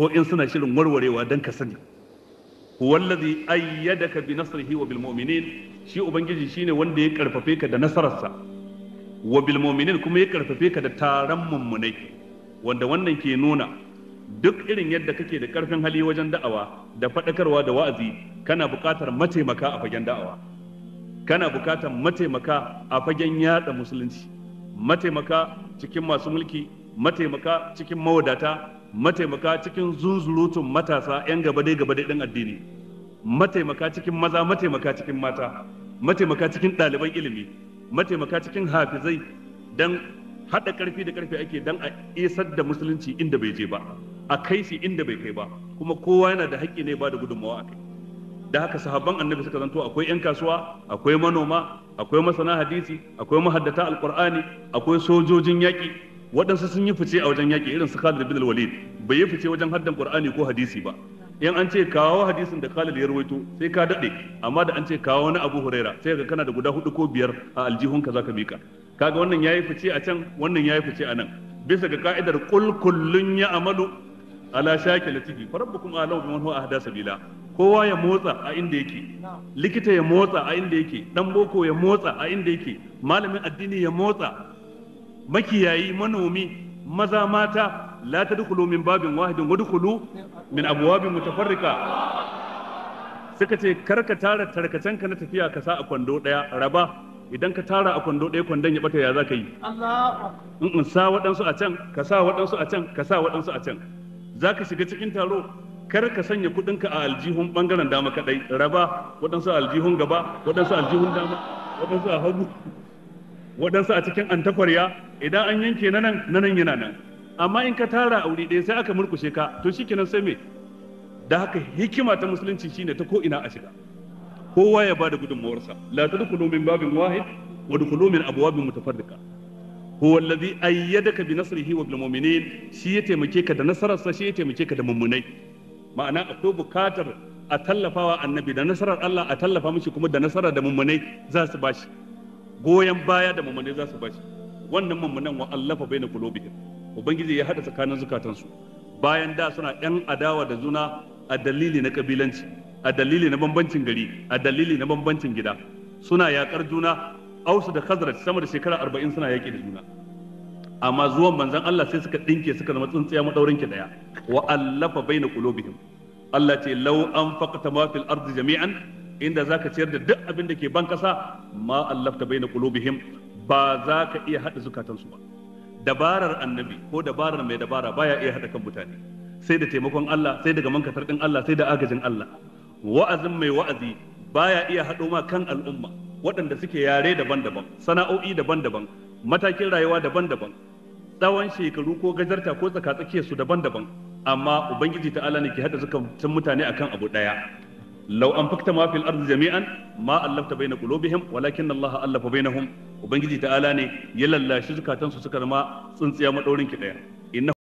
ko in suna shirin warwarewa don ka sani wallazi ayyadaka bi nasrihi wa bil mu'minin shi ubangiji shine wanda ya karfafe ka da nasararsa wa bil kuma ya karfafe ka da taron mummunai wanda wannan ke nuna duk irin yadda kake da karfin hali wajen da'awa da faɗakarwa da wa'azi kana buƙatar mataimaka a fagen da'awa kana buƙatar mataimaka a fagen yada musulunci mataimaka cikin masu mulki mataimaka cikin mawadata mataimaka cikin zunzurutun matasa 'yan gaba dai gaba dai addini mataimaka cikin maza mataimaka cikin mata mataimaka cikin ɗaliban ilimi mataimaka cikin hafizai don haɗa ƙarfi da ƙarfi ake don a isar da musulunci inda bai je ba a kai shi inda bai kai ba kuma kowa yana da haƙƙi ne ba da gudunmawa a kai da haka sahabban annabi suka zanto akwai 'yan kasuwa akwai manoma akwai masana hadisi akwai mahaddata alkur'ani akwai sojojin yaƙi waɗansu sun yi fice a wajen yaƙi irin su Khalid bin Walid bai yi fice wajen haddan Qur'ani ko hadisi ba in an ce kawo hadisin da Khalid ya rawaito sai ka dade amma da an ce kawo na Abu Huraira sai ka kana da guda hudu ko biyar a aljihun ka zaka mika kaga wannan yayi fice a can wannan yayi fice a nan bisa ga ka'idar kul kullun ya amalu ala shakilatihi farabbukum alau biman huwa ahda sabila kowa ya motsa a inda yake likita ya motsa a inda yake dan boko ya motsa a inda yake malamin addini ya motsa makiyayi manomi maza mata la dukulu min babin wahidin dukulu min abwabin mutafarrika suka ce karka tara tarkacen ka na tafiya ka sa a kwando daya raba idan ka tara a kwando ɗaya kwandon ya bata ya za ka yi in sa waɗansu a can ka sa waɗansu a can ka sa waɗansu a can za ka shiga cikin taro kar ka sanya kuɗinka a aljihun ɓangaren dama kaɗai raba waɗansu a aljihun gaba waɗansu a aljihun dama waɗansu a hagu waɗansu a cikin antakwarya idan an yanke na nan na nan yana nan amma in ka tara a wuri ɗaya sai aka murkushe ka to shikenan sai me da haka hikima ta musulunci shine ta ko ina a shiga kowa ya bada gudunmawarsa la tadkhulu min babin wahid wa dkhulu min abwabin mutafarriqa huwa alladhi ayyadaka bi nasrihi wa bil mu'minin shi ya taimake ka da nasararsa shi ya taimake ka da mummunai ma'ana akwai bukatar a tallafawa annabi da nasarar Allah a tallafa mishi kuma da nasara da mummunai za su bashi goyon baya da mummunai za su bashi wannan mummunan wa allafa na qulubihim ubangiji ya hada tsakanin zukatansu bayan da suna yan adawa da juna a dalili na kabilanci a dalili na bambancin gari a dalili na bambancin gida suna yakar juna ausu da khazraj sama da shekara arba'in suna yaki da juna amma zuwan manzon Allah sai suka ɗinke suka zama tsuntsiya maɗaurin ki ɗaya. wa allafa na qulubihim Allah ce an anfaqta ma fil ardi jami'an inda zaka ciyar da duk abin da ke ban kasa ma allafta baina kulobihim. ba za ka iya haɗa zukatansu ba dabarar annabi ko dabarar mai dabara baya iya haɗa kan mutane sai da taimakon Allah sai daga mankatar ɗin Allah sai da agajin Allah wa'azin mai wa'azi baya iya haɗo ma kan al'umma waɗanda suke yare daban-daban sana'o'i daban-daban matakin rayuwa daban-daban tsawon shekaru ko gajarta ko tsakatsakiyar su daban-daban amma ubangiji ta'ala ne ke haɗa zukatan mutane akan abu ɗaya لو أنفقت ما في الأرض جميعا ما ألفت بين قلوبهم ولكن الله ألف بينهم ubangiji ta'ala ne ya lallashi zukatansu suka zama tsintsiya maɗaurin ki ɗaya